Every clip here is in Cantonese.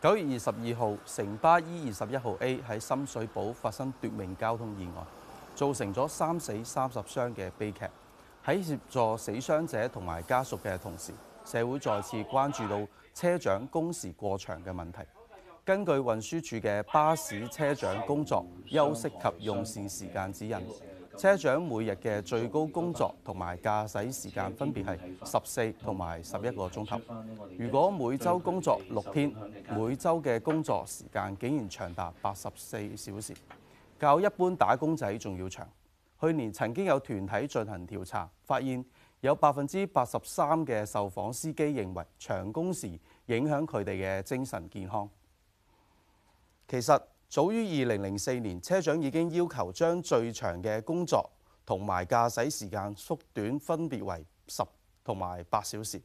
九月二十二號，城巴 E 二十一號 A 喺深水埗發生奪命交通意外，造成咗三死三十傷嘅悲劇。喺協助死傷者同埋家屬嘅同時，社會再次關注到車長工時過長嘅問題。根據運輸署嘅巴士車長工作休息及用膳時間指引，車長每日嘅最高工作同埋駕駛時間分別係十四同埋十一個鐘頭。如果每週工作六天，每週嘅工作時間竟然長達八十四小時，較一般打工仔仲要長。去年曾經有團體進行調查，發現有百分之八十三嘅受訪司機認為長工時影響佢哋嘅精神健康。其實。早於二零零四年，車長已經要求將最長嘅工作同埋駕駛時間縮短，分別為十同埋八小時，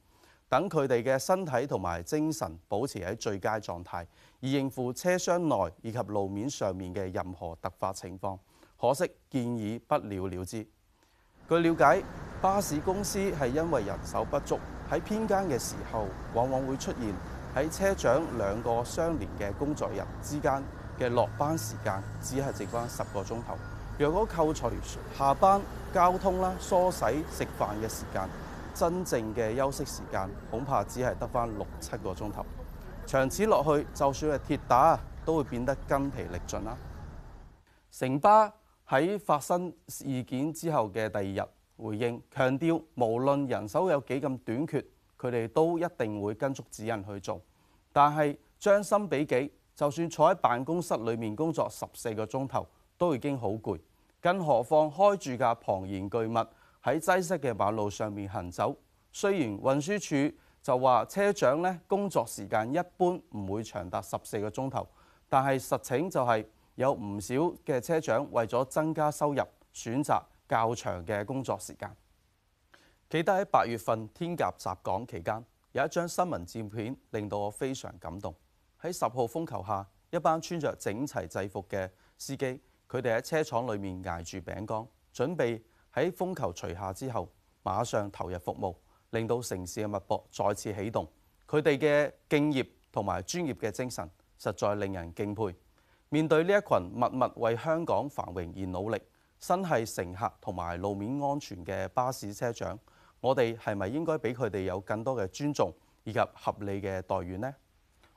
等佢哋嘅身體同埋精神保持喺最佳狀態，而應付車廂內以及路面上面嘅任何突發情況。可惜建議不了了之。據了解，巴士公司係因為人手不足，喺編更嘅時候，往往會出現喺車長兩個相連嘅工作日之間。嘅落班時間只係剩翻十個鐘頭，若果扣除下班交通啦、梳洗、食飯嘅時間，真正嘅休息時間恐怕只係得翻六七個鐘頭。長此落去，就算係鐵打都會變得筋疲力盡啦。城巴喺發生事件之後嘅第二日回應，強調無論人手有幾咁短缺，佢哋都一定會跟足指引去做，但係將心比己。就算坐喺辦公室裏面工作十四個鐘頭，都已經好攰，更何況開住架龐然巨物喺擠塞嘅馬路上面行走。雖然運輸署就話車長呢工作時間一般唔會長達十四個鐘頭，但係實情就係有唔少嘅車長為咗增加收入，選擇較長嘅工作時間。記得喺八月份天鴿襲港期間，有一張新聞照片令到我非常感動。喺十號風球下，一班穿着整齊制服嘅司機，佢哋喺車廠裏面捱住餅乾，準備喺風球除下之後馬上投入服務，令到城市嘅脈搏再次啟動。佢哋嘅敬業同埋專業嘅精神，實在令人敬佩。面對呢一群默默為香港繁榮而努力、身繫乘客同埋路面安全嘅巴士車長，我哋係咪應該俾佢哋有更多嘅尊重以及合理嘅待遇呢？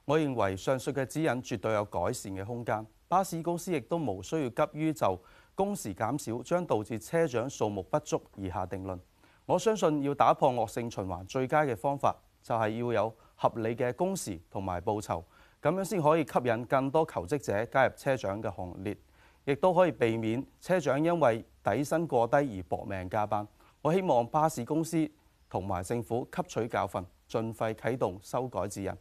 我認為上述嘅指引絕對有改善嘅空間。巴士公司亦都無需要急於就工時減少將導致車長數目不足而下定論。我相信要打破惡性循環，最佳嘅方法就係要有合理嘅工時同埋報酬，咁樣先可以吸引更多求職者加入車長嘅行列，亦都可以避免車長因為底薪過低而搏命加班。我希望巴士公司同埋政府吸取教訓，盡快啟動修改指引。